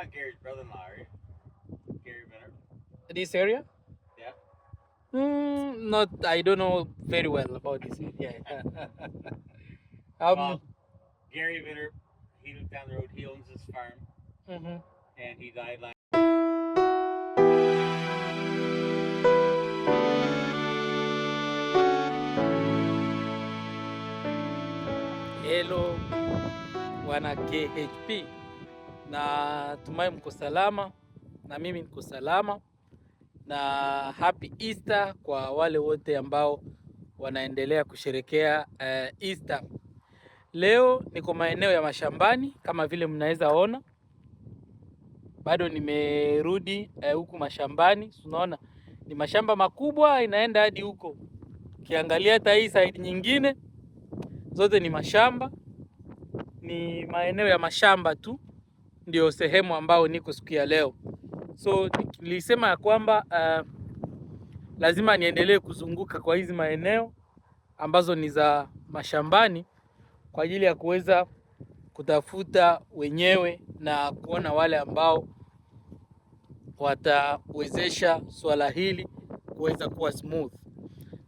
not Gary's brother-in-law, are you? Gary Benner. This area? Yeah. Mm, not. I don't know very well about this area. um, well, Gary Benner, he lived down the road. He owns this farm, mm-hmm. and he died last. Hello, wana KHP. na tumai mko salama, na mimi niko salama, na happy Easter kwa wale wote ambao wanaendelea kusherekea uh, Easter. Leo niko maeneo ya mashambani kama vile mnaweza ona, bado nimerudi eh, huku uh, mashambani. Unaona ni mashamba makubwa inaenda hadi huko, ukiangalia hata hii side nyingine zote ni mashamba, ni maeneo ya mashamba tu ndio sehemu ambayo niko siku ya leo. So nilisema ya kwamba uh, lazima niendelee kuzunguka kwa hizi maeneo ambazo ni za mashambani kwa ajili ya kuweza kutafuta wenyewe na kuona wale ambao watawezesha swala hili kuweza kuwa smooth.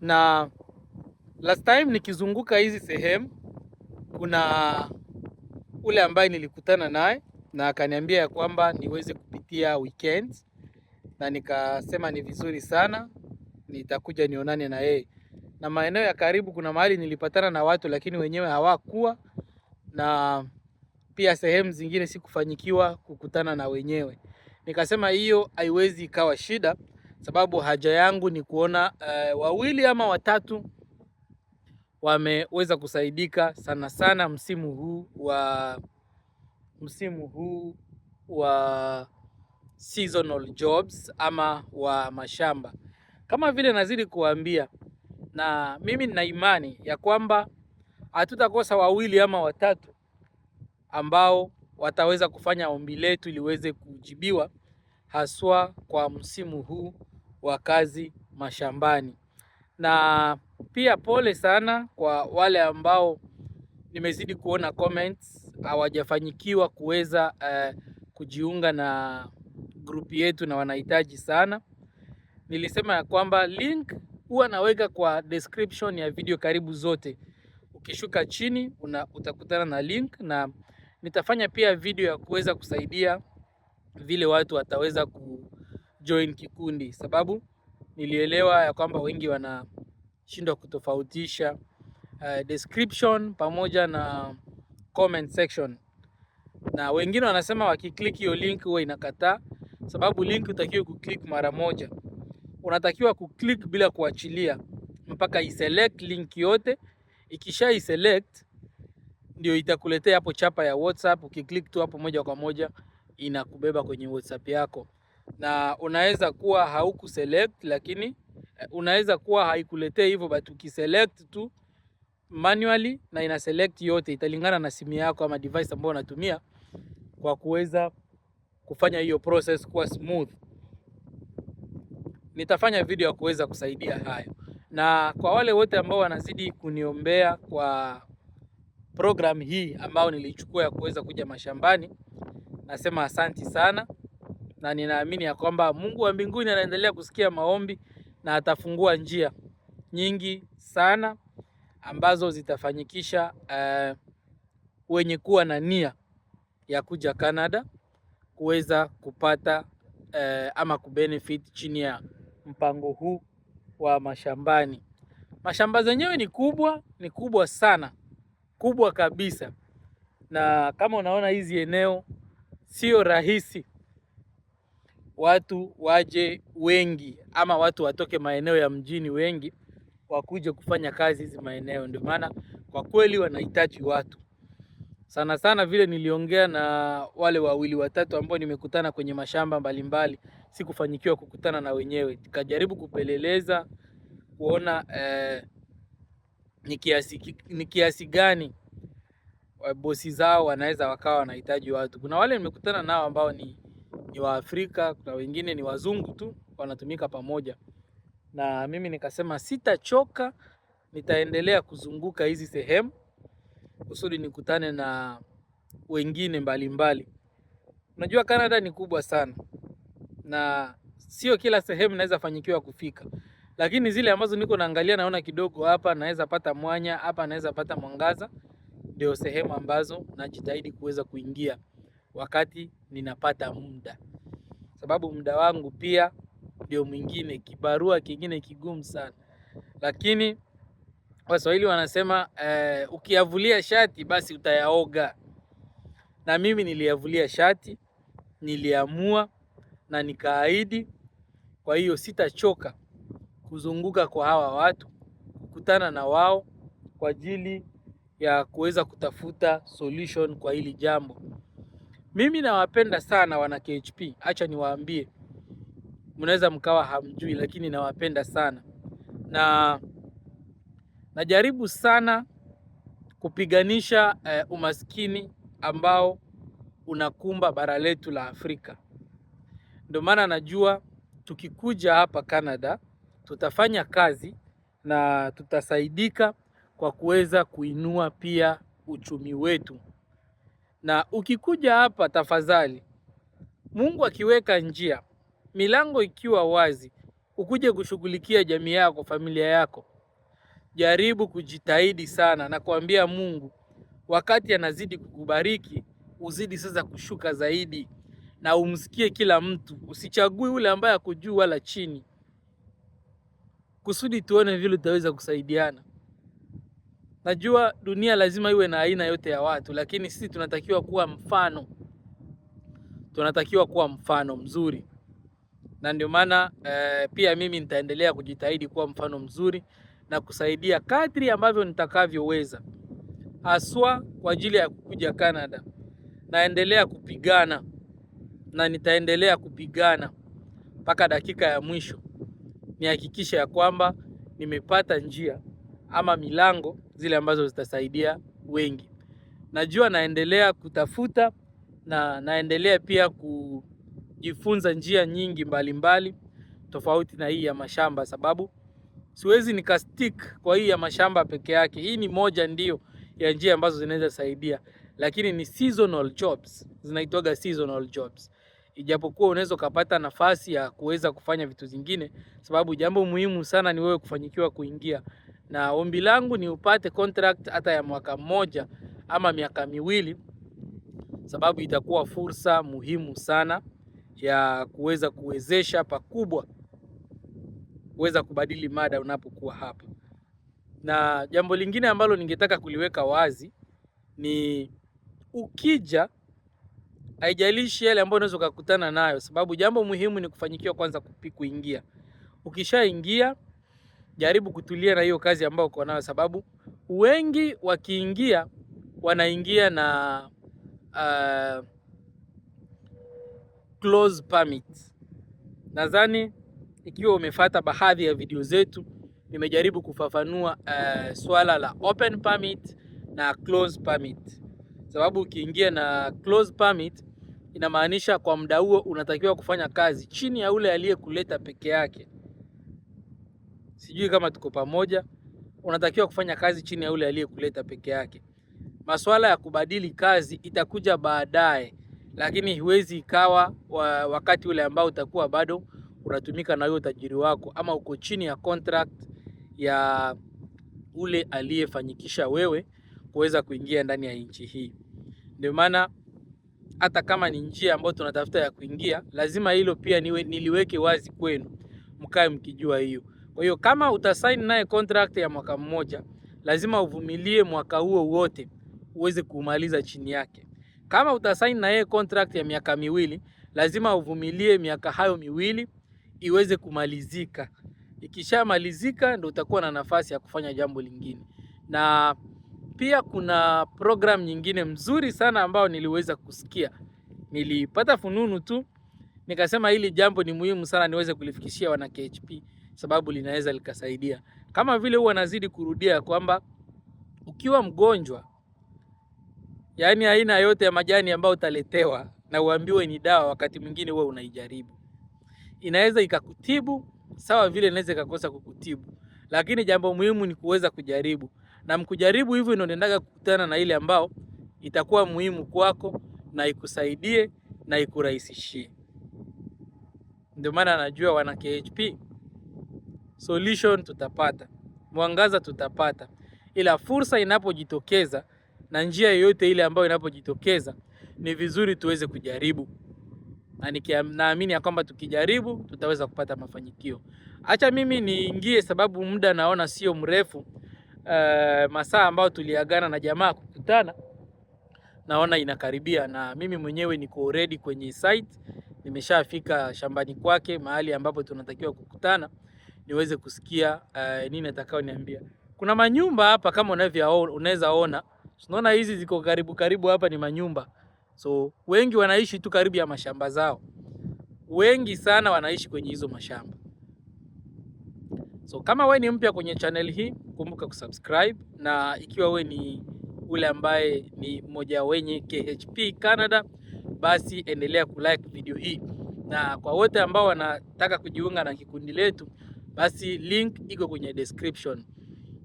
Na last time nikizunguka hizi sehemu, kuna ule ambaye nilikutana naye na akaniambia ya kwamba niweze kupitia weekend, na nikasema ni vizuri sana, nitakuja nionane na yeye. Na maeneo ya karibu kuna mahali nilipatana na watu, lakini wenyewe hawakuwa na pia sehemu zingine sikufanyikiwa kukutana na wenyewe. Nikasema hiyo haiwezi ikawa shida, sababu haja yangu ni kuona uh, wawili ama watatu wameweza kusaidika sana sana msimu huu wa msimu huu wa seasonal jobs ama wa mashamba. Kama vile nazidi kuambia, na mimi nina imani ya kwamba hatutakosa wawili ama watatu ambao wataweza kufanya ombi letu liweze kujibiwa, haswa kwa msimu huu wa kazi mashambani. Na pia pole sana kwa wale ambao nimezidi kuona comments hawajafanyikiwa kuweza uh, kujiunga na grupu yetu na wanahitaji sana. Nilisema ya kwamba link huwa naweka kwa description ya video karibu zote. Ukishuka chini una, utakutana na link na nitafanya pia video ya kuweza kusaidia vile watu wataweza kujoin kikundi, sababu nilielewa ya kwamba wengi wanashindwa kutofautisha uh, description pamoja na comment section, na wengine wanasema wakiklik hiyo link huwa inakataa, sababu link utakiwa kuklik mara moja, unatakiwa kuklik bila kuachilia mpaka iselect link yote. Ikisha iselect ndio itakuletea hapo chapa ya WhatsApp. Ukiklik tu hapo moja kwa moja inakubeba kwenye WhatsApp yako, na unaweza kuwa haukuselect, lakini eh, unaweza kuwa haikuletee hivyo, but ukiselect tu manually na ina select yote, italingana na simu yako ama device ambayo unatumia kwa kuweza kufanya hiyo process kuwa smooth. Nitafanya video ya kuweza kusaidia hayo, na kwa wale wote ambao wanazidi kuniombea kwa program hii ambayo nilichukua ya kuweza kuja mashambani, nasema asanti sana, na ninaamini ya kwamba Mungu wa mbinguni anaendelea kusikia maombi na atafungua njia nyingi sana ambazo zitafanyikisha uh, wenye kuwa na nia ya kuja Canada kuweza kupata uh, ama kubenefit chini ya mpango huu wa mashambani. Mashamba zenyewe ni kubwa, ni kubwa sana, kubwa kabisa, na kama unaona hizi eneo sio rahisi watu waje wengi ama watu watoke maeneo ya mjini wengi wakuja kufanya kazi hizi maeneo. Ndio maana kwa kweli wanahitaji watu sana sana, vile niliongea na wale wawili watatu ambao nimekutana kwenye mashamba mbalimbali, sikufanyikiwa kukutana na wenyewe, nikajaribu kupeleleza kuona eh, ni kiasi ni kiasi gani eh, bosi zao wanaweza wakawa wanahitaji watu. Kuna wale nimekutana nao ambao ni, ni Waafrika, kuna wengine ni wazungu tu wanatumika pamoja na mimi nikasema sitachoka, nitaendelea kuzunguka hizi sehemu kusudi nikutane na wengine mbalimbali. Unajua Canada ni kubwa sana na sio kila sehemu naweza fanyikiwa kufika, lakini zile ambazo niko naangalia, naona kidogo hapa naweza pata mwanya, hapa naweza pata mwangaza, ndio sehemu ambazo najitahidi kuweza kuingia wakati ninapata muda, sababu muda wangu pia ndio mwingine, kibarua kingine kigumu sana, lakini Waswahili wanasema eh, ukiyavulia shati basi utayaoga. Na mimi niliyavulia shati, niliamua na nikaahidi. Kwa hiyo sitachoka kuzunguka kwa hawa watu, kukutana na wao kwa ajili ya kuweza kutafuta solution kwa hili jambo. Mimi nawapenda sana wana KHP, acha niwaambie mnaweza mkawa hamjui, lakini nawapenda sana na najaribu sana kupiganisha eh, umaskini ambao unakumba bara letu la Afrika. Ndio maana najua tukikuja hapa Canada tutafanya kazi na tutasaidika kwa kuweza kuinua pia uchumi wetu. Na ukikuja hapa tafadhali, Mungu akiweka njia milango ikiwa wazi, ukuje kushughulikia jamii yako, familia yako, jaribu kujitahidi sana na kuambia Mungu wakati anazidi kukubariki uzidi sasa kushuka zaidi, na umsikie kila mtu, usichagui ule ambaye akujuu wala chini, kusudi tuone vile tutaweza kusaidiana. Najua dunia lazima iwe na aina yote ya watu, lakini sisi tunatakiwa kuwa mfano, tunatakiwa kuwa mfano mzuri na ndio maana eh, pia mimi nitaendelea kujitahidi kuwa mfano mzuri na kusaidia kadri ambavyo nitakavyoweza, haswa kwa ajili ya kukuja Canada. Naendelea kupigana na nitaendelea kupigana mpaka dakika ya mwisho, nihakikisha ya kwamba nimepata njia ama milango zile ambazo zitasaidia wengi. Najua naendelea kutafuta na naendelea pia ku kujifunza njia nyingi mbalimbali mbali, tofauti na hii ya mashamba, sababu siwezi nika stick kwa hii ya mashamba peke yake. Hii ni moja ndio ya njia ambazo zinaweza saidia, lakini ni seasonal jobs, zinaitwaga seasonal jobs, ijapokuwa unaweza ukapata nafasi ya kuweza kufanya vitu zingine, sababu jambo muhimu sana ni wewe kufanyikiwa kuingia. Na ombi langu ni upate contract hata ya mwaka mmoja ama miaka miwili, sababu itakuwa fursa muhimu sana ya kuweza kuwezesha pakubwa kuweza kubadili mada unapokuwa hapa. Na jambo lingine ambalo ningetaka kuliweka wazi ni ukija, haijalishi yale ambayo unaweza ukakutana nayo, sababu jambo muhimu ni kufanyikiwa kwanza kuingia. Ukishaingia jaribu kutulia na hiyo kazi ambayo uko nayo, sababu wengi wakiingia wanaingia na uh, close permit. Nadhani ikiwa umefata baadhi ya video zetu, nimejaribu kufafanua uh, swala la open permit na close permit, sababu ukiingia na close permit inamaanisha kwa muda huo unatakiwa kufanya kazi chini ya ule aliyekuleta peke yake. Sijui kama tuko pamoja. Unatakiwa kufanya kazi chini ya ule aliyekuleta peke yake. Masuala ya kubadili kazi itakuja baadaye, lakini huwezi ikawa wa, wakati ule ambao utakuwa bado unatumika na huyo utajiri wako ama uko chini ya contract ya ule aliyefanyikisha wewe kuweza kuingia ndani ya nchi hii. Ndio maana hata kama ni njia ambayo tunatafuta ya kuingia, lazima hilo pia niwe, niliweke wazi kwenu, mkae mkijua hiyo. Kwa hiyo kama utasaini naye contract ya mwaka mmoja, lazima uvumilie mwaka huo wote uweze kumaliza chini yake. Kama utasaini na yeye contract ya miaka miwili, lazima uvumilie miaka hayo miwili iweze kumalizika. Ikishamalizika ndio utakuwa na nafasi ya kufanya jambo lingine. Na pia kuna program nyingine mzuri sana ambayo niliweza kusikia, nilipata fununu tu nikasema hili jambo ni muhimu sana niweze kulifikishia wana KHP, sababu linaweza likasaidia. Kama vile huwa nazidi kurudia kwamba ukiwa mgonjwa yaani aina yote ya majani ambayo utaletewa na uambiwe ni dawa, wakati mwingine wewe unaijaribu. Inaweza ikakutibu sawa vile inaweza ikakosa kukutibu, lakini jambo muhimu ni kuweza kujaribu, na mkujaribu hivyo ndio unaendaga kukutana na ile ambao itakuwa muhimu kwako na ikusaidie na ikurahisishie. Ndio maana najua wana KHP solution tutapata, mwangaza tutapata, ila fursa inapojitokeza na njia yoyote ile ambayo inapojitokeza ni vizuri tuweze kujaribu, na naamini ya kwamba tukijaribu tutaweza kupata mafanikio. Acha mimi niingie, sababu muda naona sio mrefu. Uh, masaa ambayo tuliagana na jamaa kukutana naona inakaribia, na mimi mwenyewe niko ready kwenye site, nimeshafika shambani kwake mahali ambapo tunatakiwa kukutana niweze kusikia uh, nini atakao niambia. Kuna manyumba hapa kama unavyoona, unaweza ona. Unaona hizi ziko karibu karibu hapa ni manyumba. So wengi wanaishi tu karibu ya mashamba zao. Wengi sana wanaishi kwenye hizo mashamba. So kama we ni mpya kwenye channel hii, kumbuka kusubscribe na ikiwa we ni ule ambaye ni mmoja wenye KHP Canada, basi endelea kulike video hii. Na kwa wote ambao wanataka kujiunga na kikundi letu, basi link iko kwenye description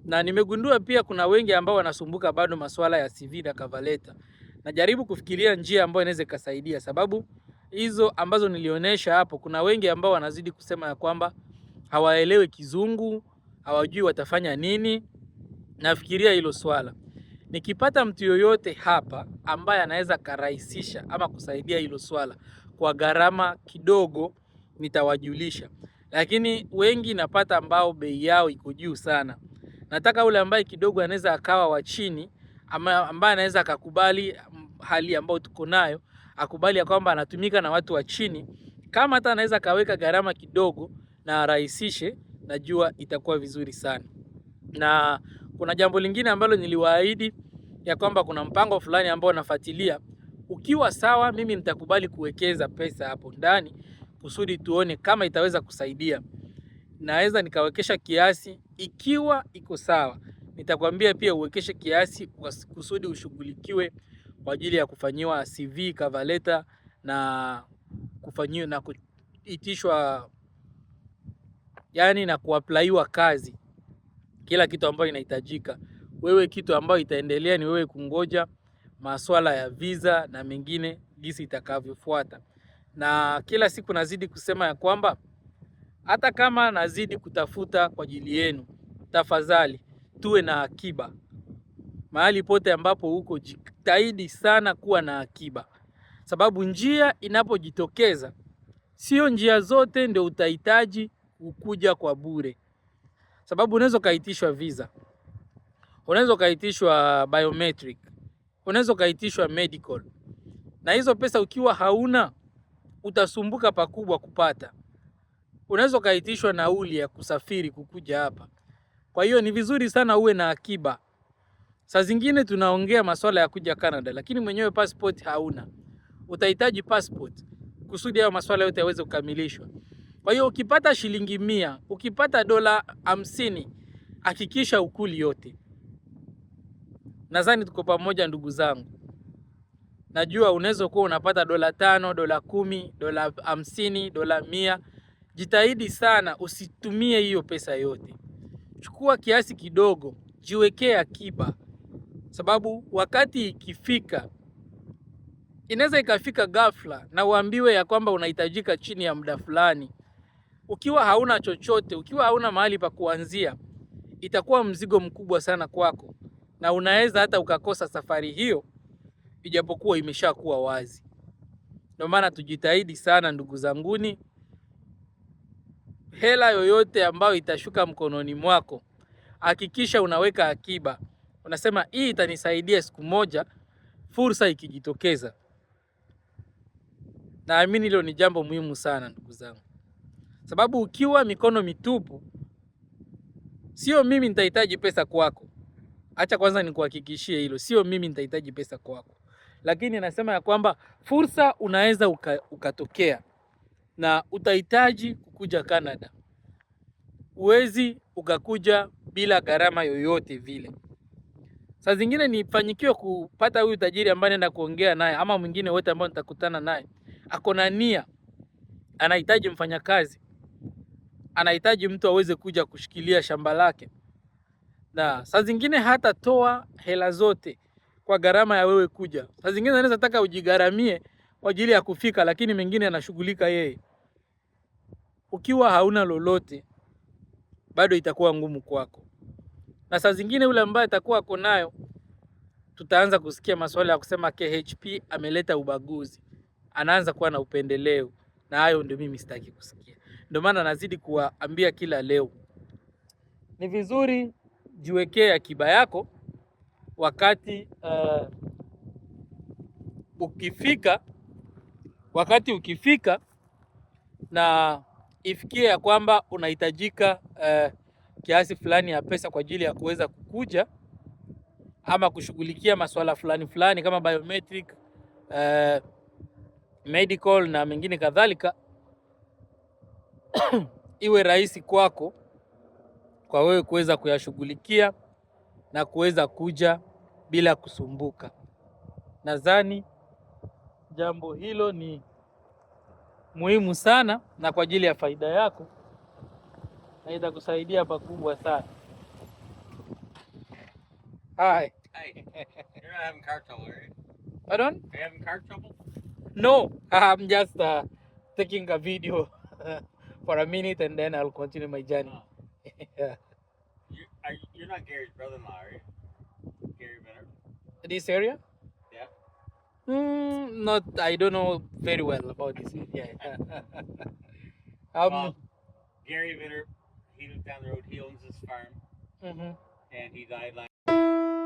na nimegundua pia kuna wengi ambao wanasumbuka bado masuala ya CV na cover letter. Najaribu kufikiria njia ambayo inaweza ikasaidia, sababu hizo ambazo nilionyesha hapo, kuna wengi ambao wanazidi kusema ya kwamba hawaelewi Kizungu, hawajui watafanya nini. Nafikiria hilo swala, nikipata mtu yoyote hapa ambaye anaweza karahisisha ama kusaidia hilo swala kwa gharama kidogo, nitawajulisha. Lakini wengi napata ambao bei yao iko juu sana. Nataka ule ambaye kidogo anaweza akawa wa chini, ambaye anaweza akakubali hali ambayo tuko nayo, akubali ya kwamba anatumika na watu wa chini, kama hata anaweza akaweka gharama kidogo na arahisishe, najua itakuwa vizuri sana. Na kuna jambo lingine ambalo niliwaahidi ya kwamba kuna mpango fulani ambao nafuatilia. Ukiwa sawa, mimi nitakubali kuwekeza pesa hapo ndani kusudi tuone kama itaweza kusaidia naweza nikawekesha kiasi ikiwa iko sawa. Nitakwambia pia uwekeshe kiasi kusudi ushughulikiwe kwa ajili ya kufanyiwa CV cover letter na kufanyiwa na kuitishwa, yani na kuaplaiwa kazi, kila kitu ambayo inahitajika. Wewe kitu ambayo itaendelea ni wewe kungoja maswala ya visa na mengine jinsi itakavyofuata, na kila siku nazidi kusema ya kwamba hata kama nazidi kutafuta kwa ajili yenu. Tafadhali tuwe na akiba mahali pote ambapo huko jitahidi sana kuwa na akiba, sababu njia inapojitokeza, sio njia zote ndio utahitaji ukuja kwa bure, sababu unaweza ukaitishwa visa, unaweza ukaitishwa biometric, unaweza ukaitishwa medical, na hizo pesa ukiwa hauna utasumbuka pakubwa kupata unaweza ukaitishwa nauli ya kusafiri kukuja hapa. Kwa hiyo ni vizuri sana uwe na akiba. Saa zingine tunaongea masuala ya kuja Canada, lakini mwenyewe passport hauna. Utahitaji passport kusudi hayo masuala yote yaweze kukamilishwa. Kwa hiyo ukipata shilingi mia, ukipata dola hamsini, hakikisha ukuli yote. Nadhani tuko pamoja ndugu zangu. Najua unaweza kuwa unapata dola tano, dola kumi, dola hamsini, dola mia jitahidi sana usitumie hiyo pesa yote. Chukua kiasi kidogo, jiwekee akiba, sababu wakati ikifika inaweza ikafika ghafla na uambiwe ya kwamba unahitajika chini ya muda fulani. Ukiwa hauna chochote, ukiwa hauna mahali pa kuanzia, itakuwa mzigo mkubwa sana kwako, na unaweza hata ukakosa safari hiyo, ijapokuwa imeshakuwa wazi. Ndio maana tujitahidi sana, ndugu zanguni hela yoyote ambayo itashuka mkononi mwako, hakikisha unaweka akiba. Unasema hii itanisaidia siku moja, fursa ikijitokeza. Naamini hilo ni jambo muhimu sana, ndugu zangu, sababu ukiwa mikono mitupu, sio mimi nitahitaji pesa kwako. Acha kwanza nikuhakikishie hilo, sio mimi nitahitaji pesa kwako, lakini nasema ya kwamba fursa unaweza ukatokea na utahitaji kukuja Canada. Huwezi ukakuja bila gharama yoyote vile. Saa zingine nifanyikiwe kupata huyu tajiri ambaye naenda kuongea naye ama mwingine wote ambao nitakutana naye, ako na nia, anahitaji mfanyakazi, anahitaji mtu aweze kuja kushikilia shamba lake, na saa zingine hatatoa hela zote kwa gharama ya wewe kuja. Saa zingine anaweza taka ujigharamie kwa ajili ya kufika, lakini mengine anashughulika yeye ukiwa hauna lolote bado itakuwa ngumu kwako, na saa zingine yule ambaye atakuwa ako nayo tutaanza kusikia masuala ya kusema KHP ameleta ubaguzi, anaanza kuwa na upendeleo, na hayo ndio mimi sitaki kusikia. Ndio maana nazidi kuwaambia kila leo, ni vizuri jiwekee akiba yako wakati uh, ukifika wakati ukifika na ifikie ya kwamba unahitajika uh, kiasi fulani ya pesa kwa ajili ya kuweza kukuja ama kushughulikia masuala fulani fulani kama biometric uh, medical na mengine kadhalika iwe rahisi kwako kwa wewe kuweza kuyashughulikia na kuweza kuja bila kusumbuka. Nadhani jambo hilo ni muhimu sana na kwa ajili ya faida yako, na itakusaidia pakubwa sana. Hi. Hi. You're having car trouble, right? Pardon? Are you having car trouble? No, I'm just uh, taking a video for a minute and then I'll continue my journey. Oh. yeah. you, are, you're not Gary's brother-in-law, are you? Gary Benner? This area? Mm, not I don't know very well about this. Yeah. um, well, Gary Vitter, he lives down the road. He owns this farm, mm-hmm. and he died last.